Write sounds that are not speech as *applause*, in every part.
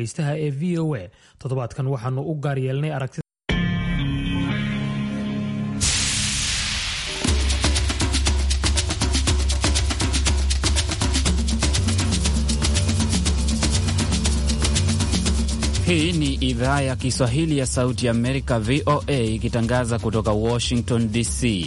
dhegeystaha ee v o a toddobaadkan waxaanu u gaar yeelnay aragtida Hii ni idhaa ya Kiswahili ya Sauti ya Amerika, VOA, ikitangaza kutoka Washington DC.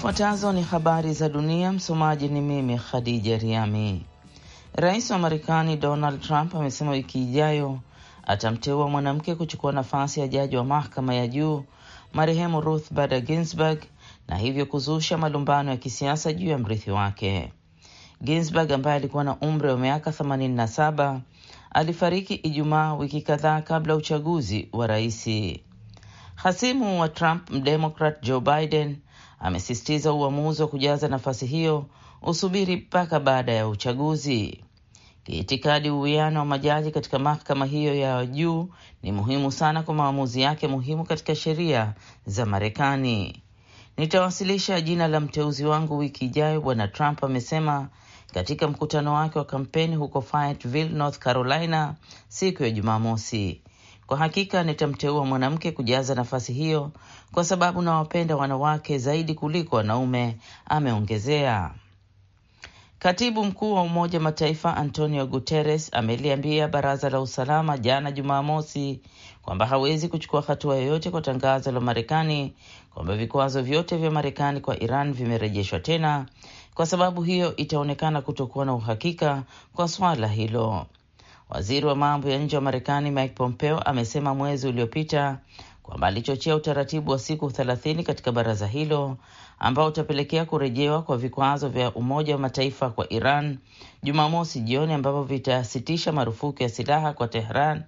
Zifuatazo ni habari za dunia. Msomaji ni mimi Khadija Riami. Rais wa Marekani Donald Trump amesema wiki ijayo atamteua mwanamke kuchukua nafasi ya jaji wa mahakama ya juu marehemu Ruth Bader Ginsburg na hivyo kuzusha malumbano ya kisiasa juu ya mrithi wake. Ginsburg ambaye alikuwa na umri wa miaka 87 alifariki Ijumaa, wiki kadhaa kabla uchaguzi wa raisi. Hasimu wa Trump mdemokrat Joe Biden amesisitiza uamuzi wa kujaza nafasi hiyo usubiri mpaka baada ya uchaguzi. Kiitikadi, uwiano wa majaji katika mahakama hiyo ya juu ni muhimu sana kwa maamuzi yake muhimu katika sheria za Marekani. Nitawasilisha jina la mteuzi wangu wiki ijayo, Bwana Trump amesema katika mkutano wake wa kampeni huko Fayetteville, North Carolina siku ya Jumamosi. Kwa hakika nitamteua mwanamke kujaza nafasi hiyo kwa sababu nawapenda wanawake zaidi kuliko wanaume, ameongezea. Katibu mkuu wa Umoja wa Mataifa Antonio Guterres ameliambia Baraza la Usalama jana Jumamosi kwamba hawezi kuchukua hatua yoyote kwa tangazo la Marekani kwamba vikwazo vyote vya Marekani kwa Iran vimerejeshwa tena, kwa sababu hiyo itaonekana kutokuwa na uhakika kwa swala hilo. Waziri wa mambo ya nje wa Marekani Mike Pompeo amesema mwezi uliopita kwamba alichochea utaratibu wa siku thelathini katika baraza hilo ambao utapelekea kurejewa kwa vikwazo vya Umoja wa Mataifa kwa Iran Jumamosi jioni ambavyo vitasitisha marufuku ya silaha kwa Tehran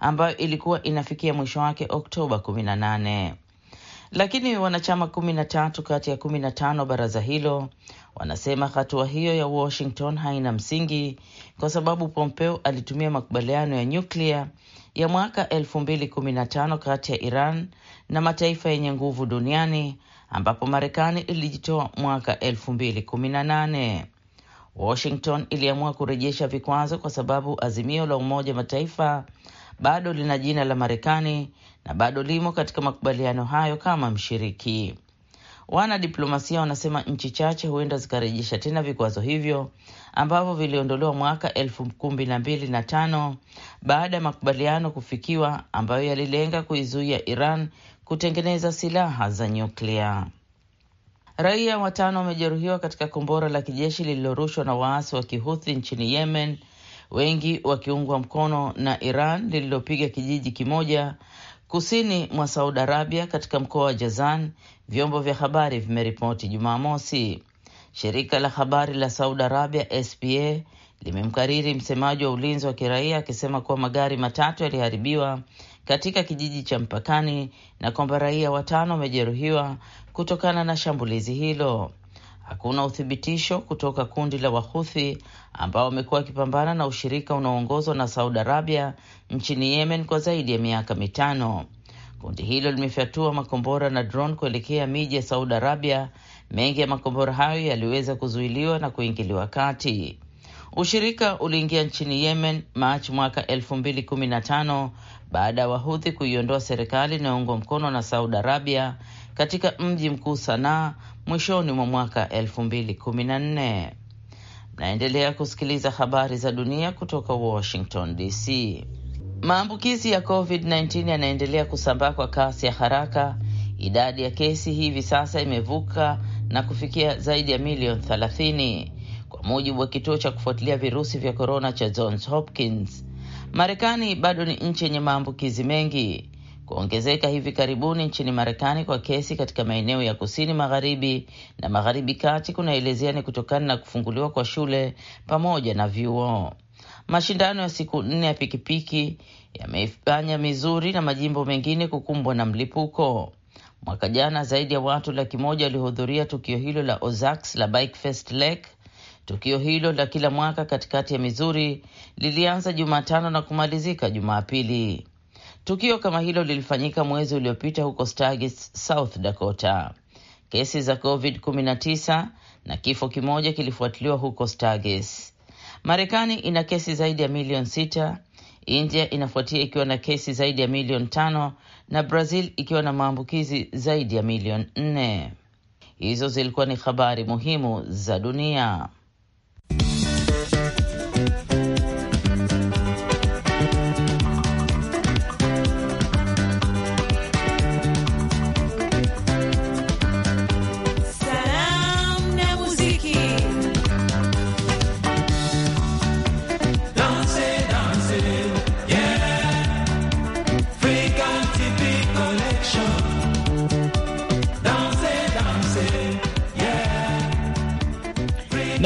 ambayo ilikuwa inafikia mwisho wake Oktoba 18. Lakini wanachama kumi na tatu kati ya kumi na tano baraza hilo Wanasema hatua hiyo ya Washington haina msingi kwa sababu Pompeo alitumia makubaliano ya nyuklia ya mwaka 2015 kati ya Iran na mataifa yenye nguvu duniani ambapo Marekani ilijitoa mwaka 2018. Washington iliamua kurejesha vikwazo kwa sababu azimio la Umoja wa Mataifa bado lina jina la Marekani na bado limo katika makubaliano hayo kama mshiriki. Wanadiplomasia wanasema nchi chache huenda zikarejesha tena vikwazo hivyo ambavyo viliondolewa mwaka elfu kumi na mbili na tano baada ya makubaliano kufikiwa ambayo yalilenga kuizuia Iran kutengeneza silaha za nyuklia. Raia watano wamejeruhiwa katika kombora la kijeshi lililorushwa na waasi wa kihuthi nchini Yemen, wengi wakiungwa mkono na Iran, lililopiga kijiji kimoja kusini mwa Saudi Arabia, katika mkoa wa Jazan, vyombo vya habari vimeripoti Jumamosi. Shirika la habari la Saudi Arabia SPA limemkariri msemaji wa ulinzi wa kiraia akisema kuwa magari matatu yaliharibiwa katika kijiji cha mpakani na kwamba raia watano wamejeruhiwa kutokana na shambulizi hilo. Hakuna uthibitisho kutoka kundi la Wahuthi ambao wamekuwa wakipambana na ushirika unaoongozwa na Saudi Arabia nchini Yemen kwa zaidi ya miaka mitano. Kundi hilo limefyatua makombora na drone kuelekea miji ya Saudi Arabia. Mengi ya makombora hayo yaliweza kuzuiliwa na kuingiliwa kati. Ushirika uliingia nchini Yemen Machi mwaka elfu mbili kumi na tano baada ya Wahudhi kuiondoa serikali inayoungwa mkono na Saudi Arabia katika mji mkuu Sanaa mwishoni mwa mwaka elfu mbili kumi na nne. Naendelea kusikiliza habari za dunia kutoka Washington DC. Maambukizi ya COVID-19 yanaendelea kusambaa kwa kasi ya haraka. Idadi ya kesi hivi sasa imevuka na kufikia zaidi ya milioni 30 mujibu wa kituo cha kufuatilia virusi vya korona cha Johns Hopkins. Marekani bado ni nchi yenye maambukizi mengi. Kuongezeka hivi karibuni nchini Marekani kwa kesi katika maeneo ya kusini magharibi na magharibi kati kunaelezea ni kutokana na kufunguliwa kwa shule pamoja na vyuo. Mashindano ya siku nne ya pikipiki yameifanya Mizuri na majimbo mengine kukumbwa na mlipuko. Mwaka jana zaidi ya watu laki moja walihudhuria tukio hilo la Ozarks la Fest Lake Tukio hilo la kila mwaka katikati ya Mizuri lilianza Jumatano na kumalizika Jumapili. Tukio kama hilo lilifanyika mwezi uliopita huko Stagis, South Dakota. Kesi za COVID-19 na kifo kimoja kilifuatiliwa huko Stagis. Marekani ina kesi zaidi ya milioni sita. India inafuatia ikiwa na kesi zaidi ya milioni tano na Brazil ikiwa na maambukizi zaidi ya milioni nne. Hizo zilikuwa ni habari muhimu za dunia.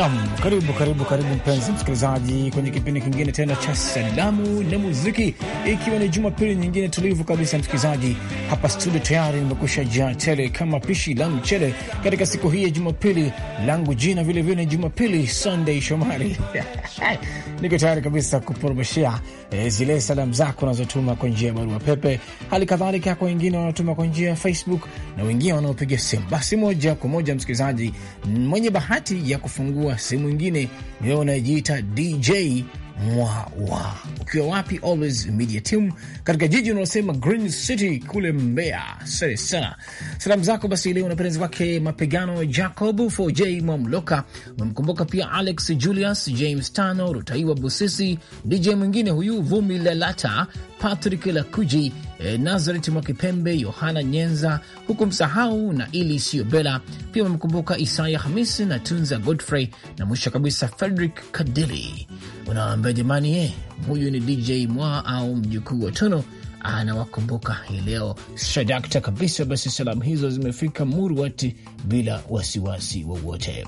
Nam, karibu karibu karibu mpenzi msikilizaji, kwenye kipindi kingine tena cha salamu na muziki, ikiwa ni Jumapili nyingine tulivu kabisa, msikilizaji, hapa studio tayari nimekusha jaa tele kama pishi la mchele katika siku hii ya Jumapili. Langu jina vilevile ni Jumapili Sunday Shomari. *laughs* Niko tayari kabisa kuporomeshea eh, zile salamu zako unazotuma kwa njia ya barua pepe, hali kadhalika kwa wengine wanaotuma kwa njia ya Facebook na wengine wanaopiga simu. Basi moja kwa moja, msikilizaji, mwenye bahati ya kufungua simu ingine niwe unayejiita DJ mwa wa ukiwa wapi, Always Media Team katika jiji unaosema Green City kule Mbeya. sare sana, salamu zako basi leo unapenezi kwake mapigano Jacob 4j Mwamloka, umemkumbuka pia Alex Julius James Tano Rutaiwa Busisi, DJ mwingine huyu Vumi Lalata Patrick Lakuji, eh, Nazaret Mwakipembe, Yohana Nyenza, huku msahau na ili siyo Bela. Pia wamekumbuka Isaya Hamisi na Tunza Godfrey na mwisho kabisa Frederick Kadili. unawambia jamani, eh, huyu ni DJ Mwa au mjukuu wa Tono anawakumbuka hii leo shadakta kabisa. Basi salamu hizo zimefika Murwati bila wasiwasi wowote.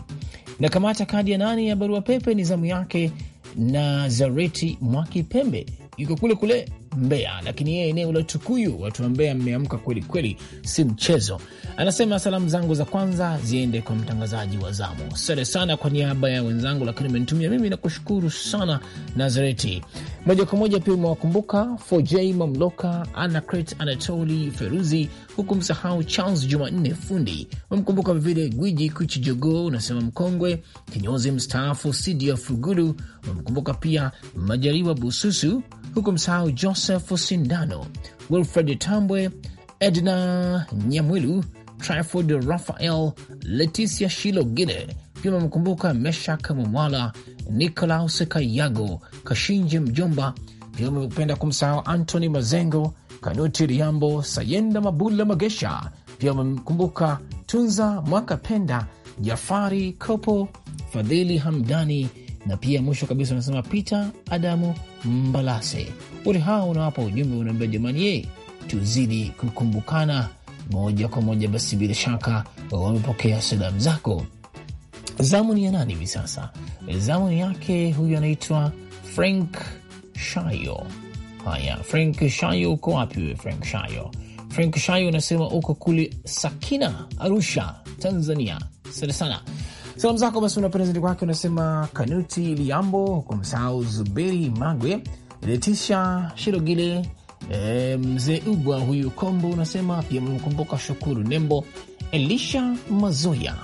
Na kamata kadi ya nani ya barua pepe, ni zamu yake Nazareti Mwakipembe, yuko kule kule Mbeya, lakini yeye eneo la Tukuyu. Watu wa Mbeya mmeamka kweli kweli, si mchezo. Anasema salamu zangu za kwanza ziende kwa mtangazaji wa zamu, sare sana kwa niaba ya wenzangu, lakini umenitumia mimi, nakushukuru sana. Nazareti moja kwa moja pia umewakumbuka Foj Mamloka, Anacret Anatoli Feruzi, huku msahau Charles Jumanne Fundi, umemkumbuka vile Gwiji kuchi jogo, unasema mkongwe kinyozi mstaafu Sidia Fuguru, umemkumbuka pia Majariwa Bususu, huku msahau Jos Joseph Sindano, Wilfred Tambwe, Edna Nyamwilu, triford Rafael, Leticia Shilogile, pia wamemkumbuka Meshak Mumwala, Nikolaus Kayago, Kashinje Mjomba, pia wamependa kumsahau Antony Mazengo, Kanuti Riambo, Sayenda Mabula Magesha, pia wamemkumbuka Tunza Mwakapenda, Jafari Kopo, Fadhili Hamdani na pia mwisho kabisa unasema Peter Adamu Mbalase. Wote hawa unawapa ujumbe, unaambia jamani, ye tuzidi kukumbukana moja kwa moja. Basi bila shaka wamepokea salamu zako. Zamu ni ya nani hivi sasa? Zamu ni yake huyu, anaitwa Frank Shayo. Haya, Frank Shayo, uko wapi wewe Frank Shayo? Frank Shayo unasema uko kule Sakina, Arusha, Tanzania. Asante sana. Salamu zako basi unaprezenti kwake, unasema Kanuti Liambo kwa msahau Zuberi Magwe, Letisha Shirogile, e, mzee Ugwa huyu Kombo, unasema pia mkumbuka Shukuru Nembo, Elisha Mazoya,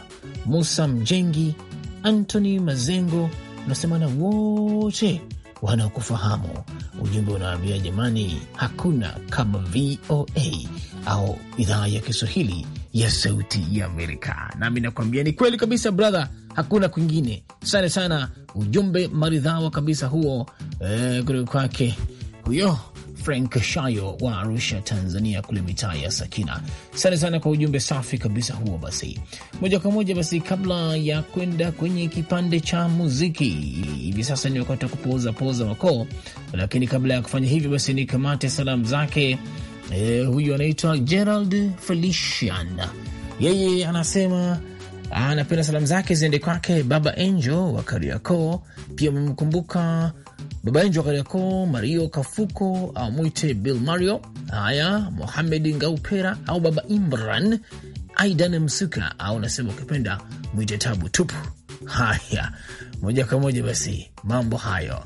Musa Mjengi, Antony Mazengo, unasema na wote wanaokufahamu. Ujumbe unaambia jamani, hakuna kama VOA au idhaa ya Kiswahili ya Sauti ya Amerika. Nami nakuambia ni kweli kabisa brother, hakuna kwingine. Asante sana, ujumbe maridhawa kabisa huo eh, kutoka eh, kwake huyo Frank Shayo wa Arusha, Tanzania, kule mitaa ya Sakina. Asante sana kwa ujumbe safi kabisa huo. Basi moja kwa moja, basi kabla ya kwenda kwenye kipande cha muziki, hivi sasa ni wakati wa kupoza poza wakoo, lakini kabla ya kufanya hivyo, basi nikamate salamu zake Eh, huyu anaitwa Gerald Felician, yeye anasema anapenda salamu zake ziende kwake Baba Angel wa Kariakoo, pia amemkumbuka Baba Angel wa Kariakoo, Mario Kafuko amwite Bill Mario, haya Mohamed Ngaupera au Baba Imran, Aidan Msuka au nasema ukipenda mwite Tabu Tupu. Haya, moja kwa moja basi mambo hayo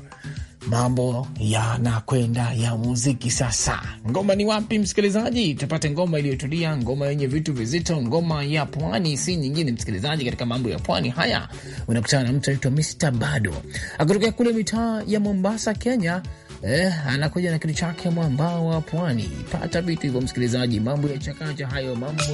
mambo yanakwenda ya muziki. Sasa ngoma ni wapi, msikilizaji? Tupate ngoma iliyotulia, ngoma yenye vitu vizito, ngoma ya pwani, si nyingine msikilizaji. Katika mambo ya pwani haya unakutana na mtu anaitwa Mr Bado akitokea kule mitaa ya Mombasa, Kenya. Eh, anakuja na kitu chake mwambao wa pwani. Pata vitu hivyo msikilizaji, mambo ya chakacha hayo, mambo ya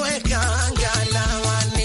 kwekhangalawane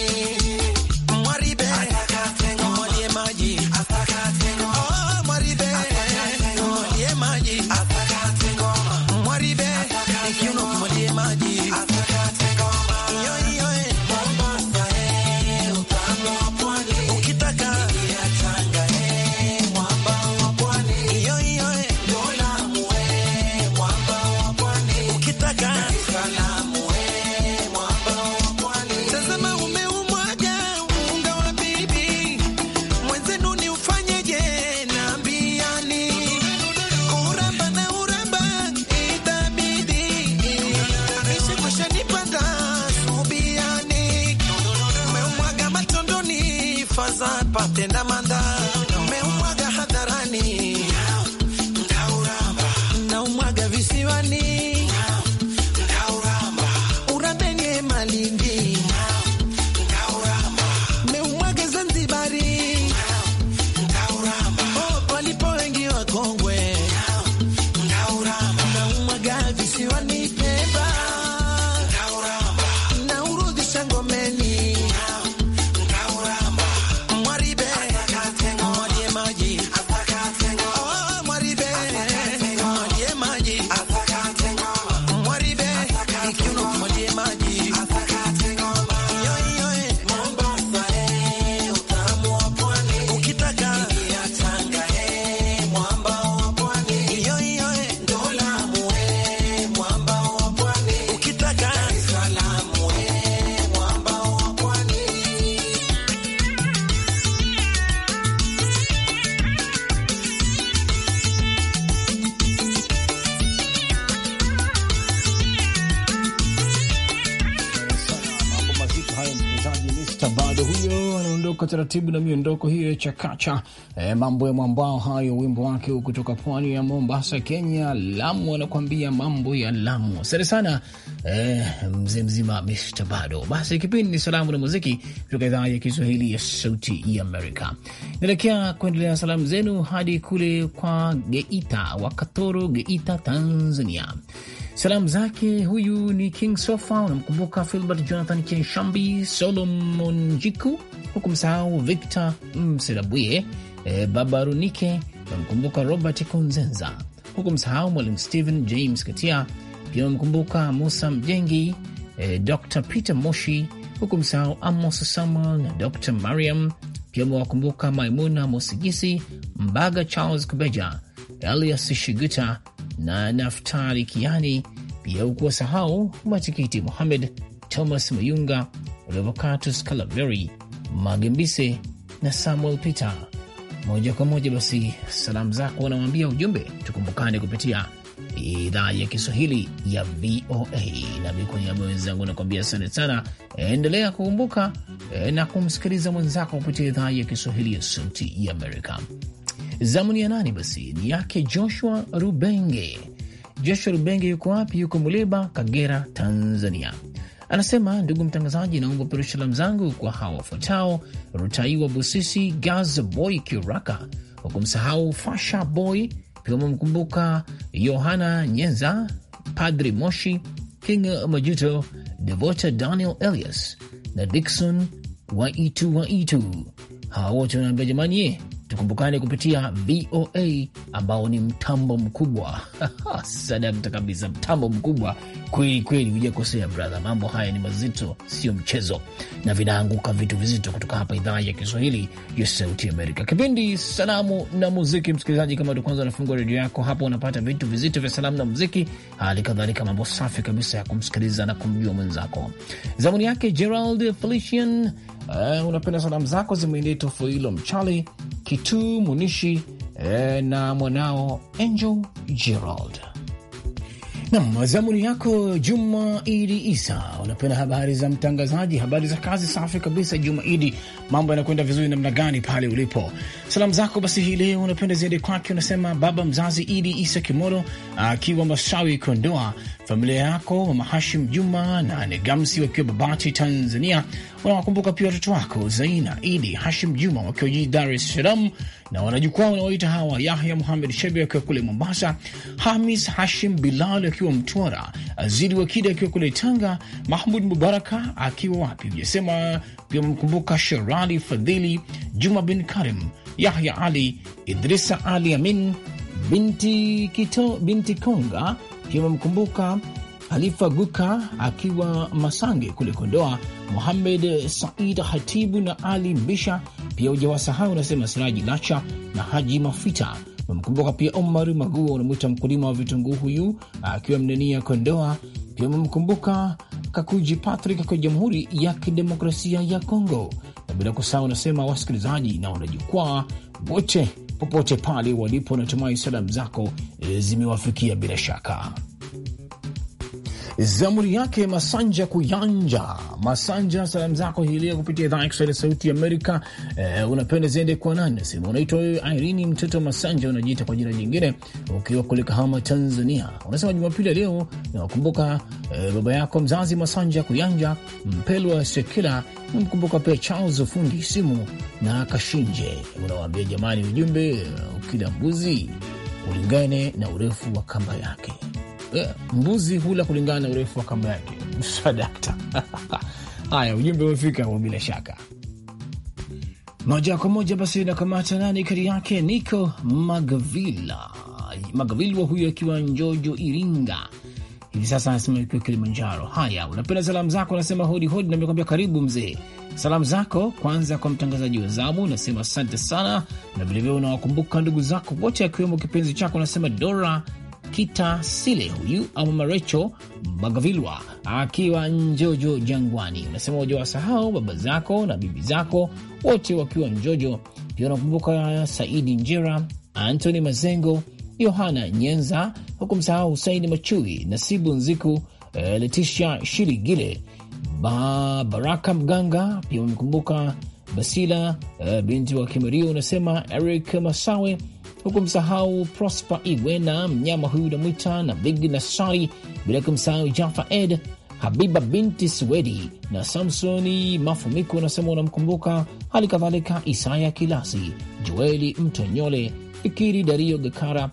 taratibu na miondoko hiyo ya chakacha e, mambo ya mwambao hayo, wimbo wake kutoka pwani ya Mombasa, Kenya. Lamu anakuambia mambo ya Lamu. Asante sana e, mzee mzima Mr. Bado. Basi kipindi ni salamu na muziki kutoka idhaa ya Kiswahili ya Sauti ya Amerika. Naelekea kuendelea na salamu zenu hadi kule kwa Geita, wa Katoro, Geita, Tanzania. Salamu zake huyu ni King Sofa, unamkumbuka Filbert Jonathan Kenshambi, Solomon Jiku, huku msahau kumsahau Victor Mselabwie, e, eh, Baba Runike, wamemkumbuka Robert Konzenza, huku msahau Mwalimu Stephen James Katia, pia wamemkumbuka Musa Mjengi, e, Dr Peter Moshi, huku msahau Amos Samuel na Dr Mariam. Pia wamewakumbuka Maimuna Mosigisi, Mbaga Charles Kubeja, Elias Shiguta na Naftali Kiani, pia hukuwa sahau Matikiti Mohamed, Thomas Mayunga, Revocatus Calaveri Magembise na Samuel Peter moja kwa moja. Basi salamu zako unamwambia ujumbe, tukumbukane kupitia idhaa ya Kiswahili ya VOA na kwa niaba wenzangu nakuambia asante sana. Endelea kukumbuka eh, na kumsikiliza mwenzako kupitia idhaa ya Kiswahili ya Sauti ya Amerika. Zamu ni ya nani? Basi ni yake Joshua Rubenge. Joshua Rubenge yuko wapi? Yuko Muleba, Kagera, Tanzania. Anasema, ndugu mtangazaji, naomba peru salamu zangu kwa hawa wafuatao: Rutaiwa Busisi, Gaza Boy Kiraka, huku kumsahau Fasha Boy pia umemkumbuka Yohana Nyenza, Padri Moshi, King Majuto, Devota Daniel Elias na Dikson Waitu Waitu. Hawa wote wanaambia jamani, tukumbukane kupitia VOA ambao ni mtambo mkubwa *laughs* sadakta kabisa, mtambo mkubwa kweli kweli, hujakosea bradha. Mambo haya ni mazito, sio mchezo, na vinaanguka vitu vizito kutoka hapa idhaa ya Kiswahili ya Sauti Amerika, kipindi Salamu na Muziki. Msikilizaji, kama ndo kwanza unafungua redio yako, hapo unapata vitu vizito vya salamu na muziki, hali kadhalika mambo safi kabisa ya kumsikiliza na kumjua mwenzako. Zamuni yake Gerald Felician uh, unapenda salamu zako zimwendee Tofuilo Mchali, Kitu Munishi uh, na mwanao Angel Gerald. Nam zamuni yako Juma Idi Isa, unapenda habari za mtangazaji, habari za kazi. Safi kabisa, Juma Idi, mambo yanakwenda vizuri namna gani pale ulipo? Salamu zako basi hii leo unapenda ziende kwake, unasema baba mzazi Idi Isa Kimoro akiwa Masawi, Kondoa, familia yako Mama Hashim Juma na Negamsi wakiwa Babati, Tanzania, unawakumbuka pia watoto wako Zaina Idi Hashim Juma wakiwa jijini Dar es Salaam na wanajukwaa wanaoita hawa Yahya Muhamed Shebi wakiwa kule Mombasa, Hamis Hashim Bilal akiwa Mtwara, Aziri Wakida akiwa kule Tanga, Mahmud Mubaraka akiwa wapi ujasema Pia wamemkumbuka Sherali Fadhili Juma bin Karim, Yahya Ali Idrisa Ali Amin binti Kito, binti Konga pia wamemkumbuka Halifa Guka akiwa Masange kule Kondoa, Muhamed Said Hatibu na Ali Mbisha pia ujawasahau unasema Siraji Lacha na Haji Mafita. Memkumbuka pia Omar Maguo, unamwita mkulima wa vitunguu huyu akiwa Mnenia, Kondoa. Pia umemkumbuka Kakuji Patrick kwa Jamhuri ya Kidemokrasia ya Kongo, na bila kusahau unasema wasikilizaji na wanajukwaa wote popote pale walipo, natumai salamu zako zimewafikia bila shaka. Zamuri yake Masanja Kuyanja Masanja, salamu zako hii leo kupitia idhaa ya Kiswahili ya Sauti Amerika eh, unapenda ziende kwa nani? Nasema unaitwa wewe Irene mtoto Masanja, unajiita kwa jina jingine ukiwa kule Kahama, Tanzania. Unasema Jumapili leo nawakumbuka eh, baba yako mzazi Masanja Kuyanja Mpelwa Sekila, namkumbuka pia Charles fundi simu na Kashinje. Unawaambia jamani, ujumbe eh, ukila mbuzi ulingane na urefu wa kamba yake. Eh, mbuzi hula kulingana na urefu wa kamba yake. Sadakta. *laughs* *laughs* Haya, ujumbe umefika huo bila shaka. Moja kwa moja basi nakamata nani kari yake Nico Magvila Magvilwa, huyo akiwa Njojo, Iringa hivi sasa anasema ikiwa Kilimanjaro. Haya, unapenda salamu zako, anasema hodi hodi, namekwambia karibu mzee. Salamu zako kwanza kwa mtangazaji wa zamu, nasema asante sana, na vilevile unawakumbuka ndugu zako wote, akiwemo kipenzi chako, nasema Dora Nikita Sile huyu ama Marecho Bagavilwa akiwa Njojo Jangwani, unasema waja wasahau baba zako na bibi zako wote wakiwa Njojo. Pia unakumbuka Saidi Njera, Antony Mazengo, Yohana Nyenza, hukumsahau Husaini Machui, Nasibu Nziku, eh, Letitia Shirigile, Baraka Mganga. Pia unakumbuka Basila eh, binti wa Kimario, unasema Eric Masawe huku msahau Prosper Iwena, mnyama huyu unamwita na Big Nasari, bila kumsahau Jaffa Ed, Habiba binti Swedi na Samsoni Mafumiko, unasema unamkumbuka. Hali kadhalika Isaya Kilasi, Joeli Mtonyole, Fikiri Dario Gakara,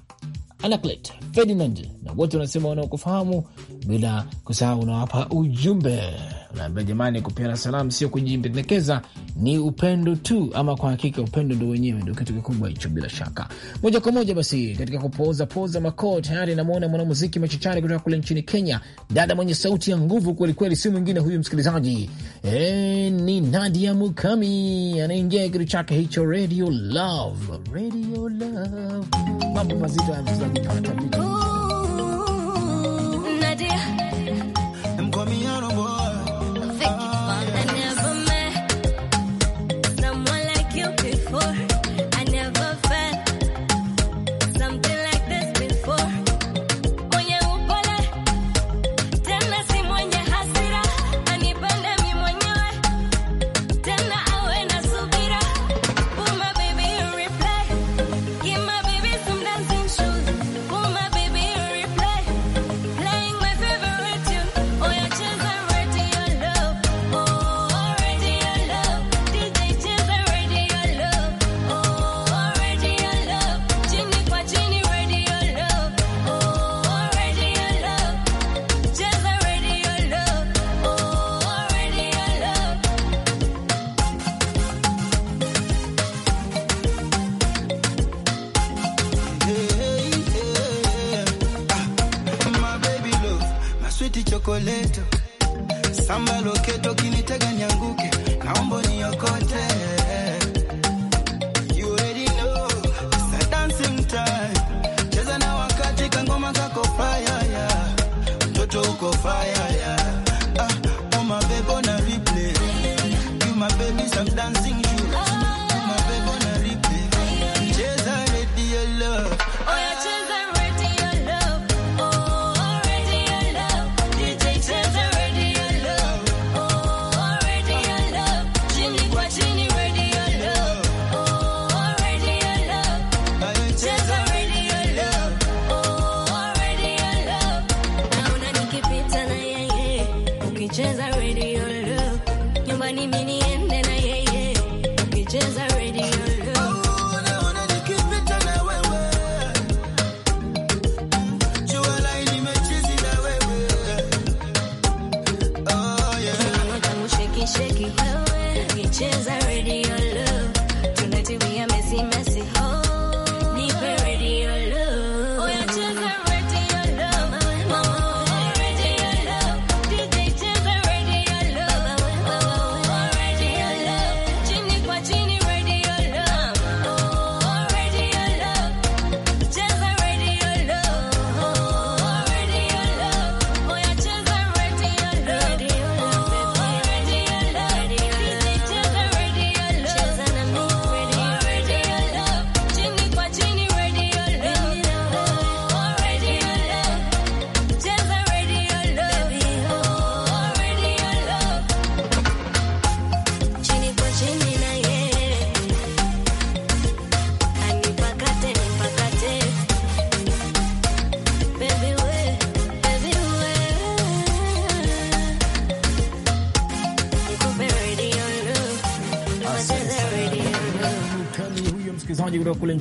Anaclet Ferdinand na wote wanasema wanaokufahamu, bila kusahau unawapa ujumbe unaambia jamani, kupeana salamu sio kujipendekeza, ni upendo tu. Ama kwa hakika upendo ndo wenyewe ndo kitu kikubwa hicho, bila shaka. Moja kwa moja basi katika kupooza poza makoo, tayari namwona mwanamuziki machachari kutoka kule nchini Kenya, dada mwenye sauti ya nguvu kwelikweli, si mwingine huyu msikilizaji, e, ni Nadia Mukami anaingia kitu chake hicho, Radio Love, Radio Love, mambo mazito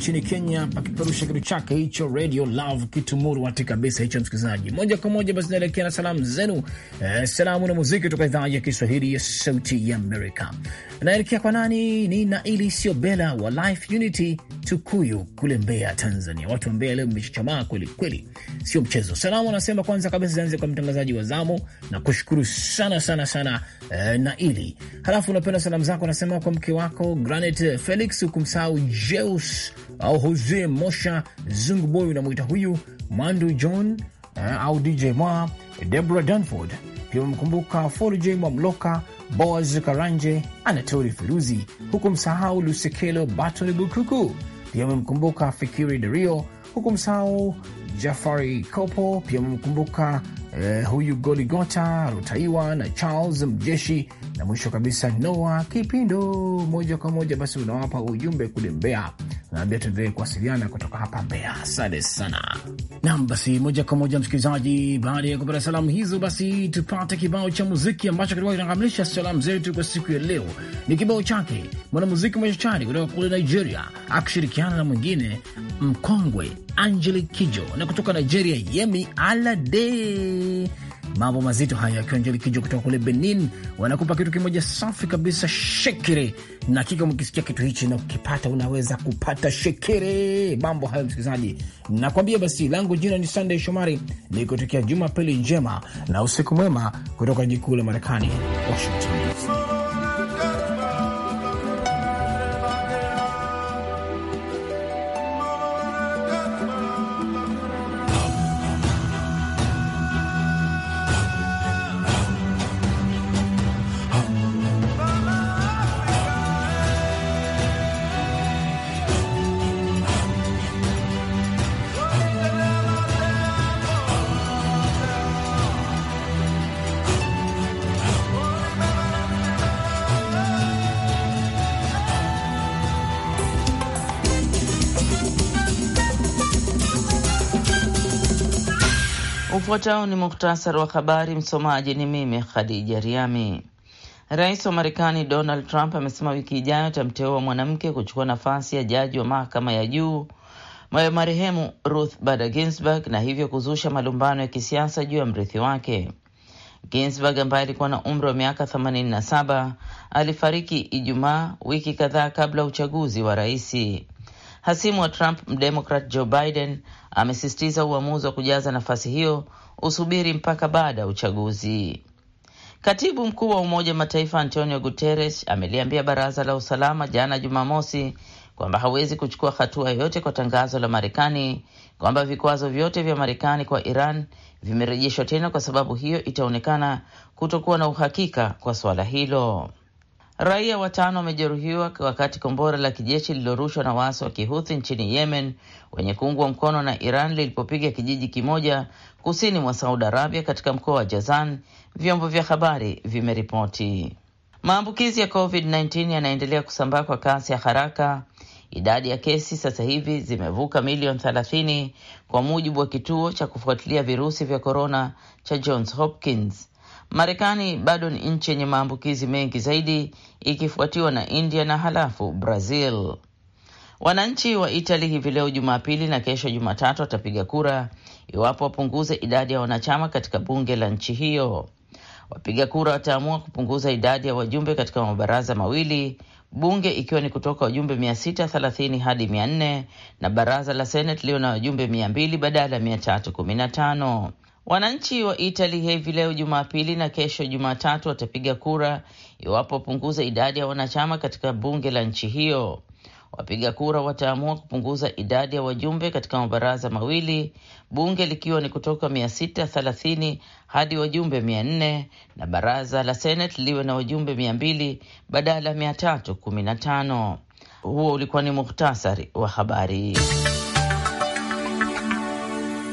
nchini Kenya akipeperusha kitu chake hicho Radio Love, kitu murwati kabisa hicho, msikilizaji. Moja kwa moja basi naelekea na salamu zenu, eh, salamu na muziki kutoka idhaa ya Kiswahili ya Sauti ya Amerika. Naelekea kwa nani? Ni Naili Siobela wa Life Unity Tukuyu kule Mbeya, Tanzania. Watu wa Mbeya leo mmechachamaa kweli kweli, sio mchezo. Salamu anasema kwanza kabisa zianze kwa mtangazaji wa zamu na kushukuru sana sana sana, eh, Naili. Halafu unapenda salamu zako anasema kwa mke wako Granite Felix, hukumsahau Jeus au Jose Mosha Zunguboy unamwita huyu Mandu John uh, au DJ Mwa, deborah Danford pia umemkumbuka Folje mamloka Boaz Karanje, Anatoli Firuzi, huku msahau Lusekelo Battle Bukuku. Pia umemkumbuka Fikiri Dario, huku msahau Jafari Kopo, pia umemkumbuka eh, huyu Goligota Rutaiwa na Charles Mjeshi na mwisho kabisa Noa Kipindo. Moja kwa moja basi unawapa ujumbe kule Mbeya, naambia tuendelee kuwasiliana kutoka hapa Mbeya. Asante sana. Nam basi, moja kwa moja msikilizaji, baada ya kupata salamu hizo, basi tupate kibao cha muziki ambacho kilikuwa kinakamilisha salamu zetu kwa siku ya leo. Ni kibao chake mwanamuziki machachari kutoka kule Nigeria akishirikiana na mwingine mkongwe Angelique Kijo na kutoka Nigeria Yemi Alade. Mambo mazito haya yakiwa njeli kijo kutoka kule Benin, wanakupa kitu kimoja safi kabisa, shekere. Na hakika mkisikia kitu hichi na ukipata, unaweza kupata shekere. Mambo hayo msikilizaji, nakwambia. Basi langu jina ni sandey Shomari, nikutokea Jumapili njema na usiku mwema kutoka jikuu la Marekani, Washington Ufuatao ni muhtasari wa habari. Msomaji ni mimi Khadija Riami. Rais wa Marekani Donald Trump amesema wiki ijayo atamteua mwanamke kuchukua nafasi ya jaji wa mahakama ya juu marehemu Ruth Bader Ginsburg na hivyo kuzusha malumbano ya kisiasa juu ya mrithi wake. Ginsburg ambaye alikuwa na umri wa miaka 87 alifariki Ijumaa, wiki kadhaa kabla uchaguzi wa raisi. Hasimu wa Trump mdemokrat Joe Biden amesisitiza uamuzi wa kujaza nafasi hiyo usubiri mpaka baada ya uchaguzi. Katibu mkuu wa Umoja Mataifa Antonio Guterres ameliambia baraza la usalama jana Jumamosi kwamba hawezi kuchukua hatua yoyote kwa tangazo la Marekani kwamba vikwazo vyote vya Marekani kwa Iran vimerejeshwa tena, kwa sababu hiyo itaonekana kutokuwa na uhakika kwa suala hilo. Raia watano wamejeruhiwa wakati kombora la kijeshi lililorushwa na waasi wa kihuthi nchini Yemen wenye kuungwa mkono na Iran lilipopiga kijiji kimoja kusini mwa Saudi Arabia katika mkoa wa Jazan, vyombo vya habari vimeripoti. Maambukizi ya COVID-19 yanaendelea kusambaa kwa kasi ya haraka. Idadi ya kesi sasa hivi zimevuka milioni 30 kwa mujibu wa kituo cha kufuatilia virusi vya korona cha Johns Hopkins. Marekani bado ni nchi yenye maambukizi mengi zaidi ikifuatiwa na India na halafu Brazil. Wananchi wa Itali hivi leo Jumapili na kesho Jumatatu watapiga kura iwapo wapunguze idadi ya wanachama katika bunge la nchi hiyo. Wapiga kura wataamua kupunguza idadi ya wajumbe katika mabaraza mawili, bunge ikiwa ni kutoka wajumbe 630 hadi 400 na baraza la senet liyo na wajumbe 200 badala ya 315. Wananchi wa Itali hivi leo Jumapili na kesho Jumatatu watapiga kura iwapo wapunguza idadi ya wanachama katika bunge la nchi hiyo. Wapiga kura wataamua kupunguza idadi ya wajumbe katika mabaraza mawili, bunge likiwa ni kutoka 630 hadi wajumbe 400 na baraza la seneti liwe na wajumbe 200 badala ya 315. Huo ulikuwa ni muhtasari wa habari.